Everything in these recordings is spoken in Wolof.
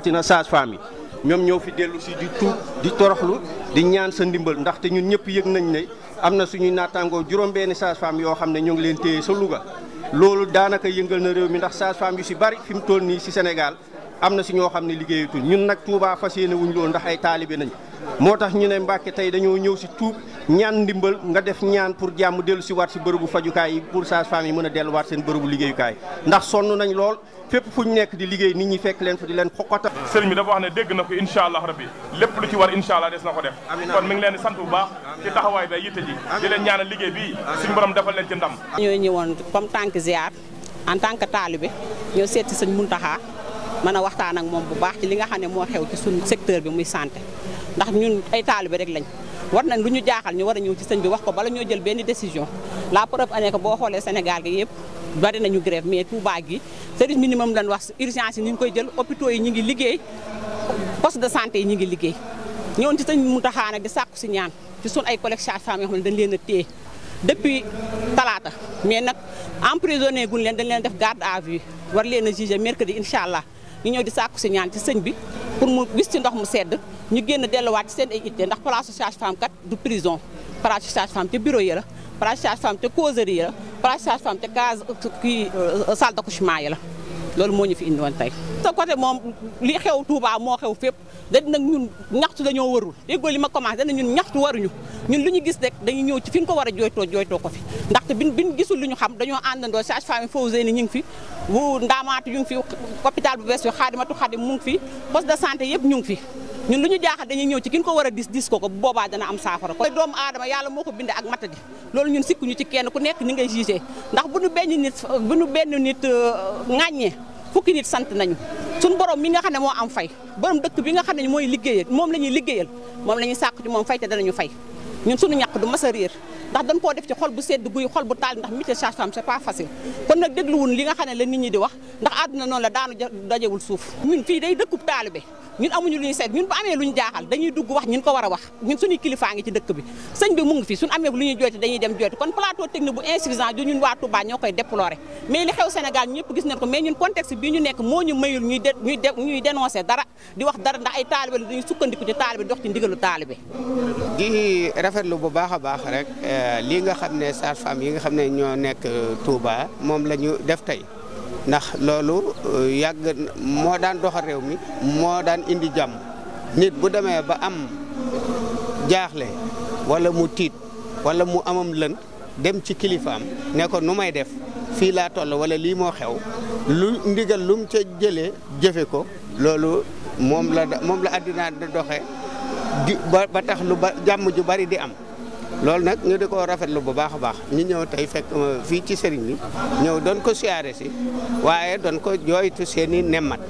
rawatina sage-femme yi ñoom ñëw fi dellu si di tuub di toroxlu di ñaan sa ndimbal ndaxte ñun ñëpp yëg nañ ne am na suñuy naataangoo juróom-benn sage-femme yoo xam ne ñoo ngi leen téye sa Louga. loolu daanaka yëngal na réew mi ndax sage-femme yu si bari fi mu toll nii si Sénégal am na si ñoo xam ne liggéeyatul ñun nag Touba fas yéene wuñ loolu ndax ay taalibe nañ moo tax ñu ne Mbàkke tey dañoo ñëw si tuub ñaan ndimbal nga def ñaan pour jàmm dellu si waat si bërëbu fajukaay yi pour sages-femmes yi mën a delluwaat seen bërëbu liggéeyukaay ndax sonn nañ lool fépp fu ñu nekk di liggéey nit ñi fekk leen fa di leen xoqata sëriñ bi dafa wax ne dégg na ko incha allah rabbi lépp lu ci war incha allah des na ko def kon mi ngi leen di sant bu baax liggéey bi suñu borom defal leen ci ndam ñoo ñëwoon en tant que taalibe ñoo seeti sëñ Muntaxa man a waxtaan ak moom bu baax ci li nga xam ne moo xew ci suñu secteur bi muy santé ndax ñun ay taalibe rek lañ war nañ lu ñu jaaxal ñu war a ñëw ci sëñ bi wax ko bala ñoo jël benn décision la preuve année que boo xoolee Sénégal gi yëpp bari nañu grève mais Touba gi service minimum lañ wax urgence yi ñu koy jël hôpitaux yi ñu ngi liggéey poste de santé yi ñu ngi liggéey ñoon ci sëñ Mountakha nag di sàkku si ñaan ci sun ay collègues sages-femmes yoo leen a téye depuis talaata mais nag emprisonné guñ leen dañ leen def garde à war leen a jugé mercredi allah ñu ñëw di sàkku si ñaan ci sëñ bi pour mu gis si ndox mu sedd ñu génn delluwaat ci seen ay ite ndax place sage-femme kat du prison place sage-femme ca bureau yi la place sage-femme ca causerie yi la place sage-femme ca case euh, kii euh, salle d'accouchement yi la loolu moo ñu fi indi woon tey te côté moom li xew Touba moo xew fépp dañ nag ñun ñaxtu dañoo warul déggoo li ma commencé dañ ñun ñaxtu waruñu ñun lu ñu gis rek dañu ñëw ci fi ñu ko war a jooytoo jooytoo ko fi ndaxte bin bin gisul lu ñu xam dañoo àndandoo sage femme Fawzeyni ñu ngi fi wu ndaamaatu ñu ngi fi hôpital bu bees bi Xaadimatu Xaadim mu ngi fi poste de santé yëpp ñu ngi fi ñun lu ñu jaaxal dañuy ñëw ci kin ko war a dis dis ko ko bu boobaa am saafara ko doomu aadama yàlla moo ko binde ak matadi loolu ñun sikkuñu ci kenn ku nekk ñu ngay jugé ndax bu ñu benn nit bu ñu benn nit euh, ŋàññee fukki nit sant nañu sunu borom mi nga xam ne moo am fay borom dëkk bi nga xam ne mooy liggéeyal moom la ñuy liggéeyal moom la ñuy sàkk ci moom fay te danañu fay ñun suñu ñàkk du mas ndax dañ koo def ci xol bu sedd guy xol bu taal ndax métier sage-femme c'est pas facile kon nag dégluwun li nga xam ne la nit ñi di wax ndax àdduna noonu la daanu dajewul suuf ñun fii day dëkku dëkkub taalibe ñun amuñu lu ñu seet ñun bu amee lu ñu jaaxal dañuy dugg wax ñun ko war a wax ñun suñuy kilifaa ngi ci dëkk bi sëñ bi mu ngi fi suñu amee lu ñuy joyti dañuy dem joyti kon plateau technique bu insuffisant ju ñun waa Touba ñoo koy déploré mais li xew Sénégal ñëpp gis nañ ko mais ñun contexte bii ñu nekk moo ñu mayul ñuy ñuy ñuy dénoncé dara di wax dara ndax ay taalibe la dañuy sukkandiku ci taalibe dox ci ndigalu taalibe di rafetlu bu baax a baax rek eh, lii nga xam ne sage-femme yi nga xam ne ñoo nekk Touba moom la ñu def tey ndax loolu euh, yàgg moo daan doxal réew mi moo daan indi jàmm nit bu demee ba am jaaxle wala mu tiit wala mu amam lën dem ci kilifaam ne ko nu may def fii laa toll wala lii moo xew lu ndigal lum ca jëlee jëfe ko loolu moom la moom la àddina doxe ba tax lu ba jàmm ju bari di am loolu nag ñu di ko rafetlu bu baax a baax ñu ñëw tey fekk fii ci sëriñ bi ñëw doon ko siyaare si waaye doon ko jooytu seen i nemmat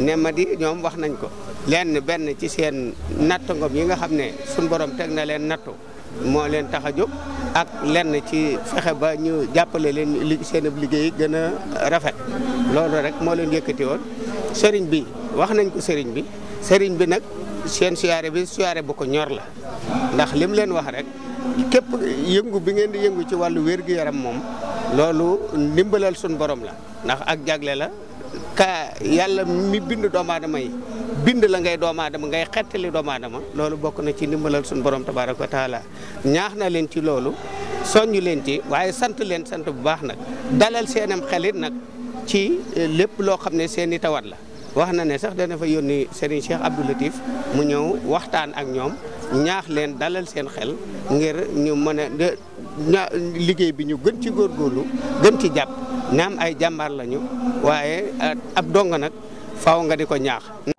nemat yi ñoom wax nañ ko lenn benn ci seen natt ngom yi nga xam ne suñ borom teg na leen nattu moo leen tax a jóg ak lenn ci fexe ba ñu jàppale leen li seen liggéey gën a rafet loolu rek moo leen yëkkati woon sëriñ bi wax nañ ko sëriñ bi sëriñ bi nag seen siyaare bi siyaare bu ko ñor la ndax lim leen wax rek képp yëngu bi ngeen di yëngu ci wàllu wér-gu-yaram moom loolu ndimbalal suñu borom la ndax ak jagle la ka yàlla mi bind doomu aadama yi bind la ngay doomu aadama ngay xettali doomu aadama loolu bokk na ci ndimbalal suñu borom tabaaraka wa taala ñaax na leen ci loolu soññu leen ci waaye sant leen sant bu baax nag dalal seenam xelit nag ci lépp loo xam ne seeni tawat la wax na ne sax dana fa yónni Serigne Cheikh Abdou Latif mu ñëw waxtaan ak ñoom ñaax leen dalal seen xel ngir ñu mën a liggéey bi ñu gën ci góorgóorlu gën ci jàpp naam ay jàmbaar lañu waaye ab dong nag faw nga di ko ñaax.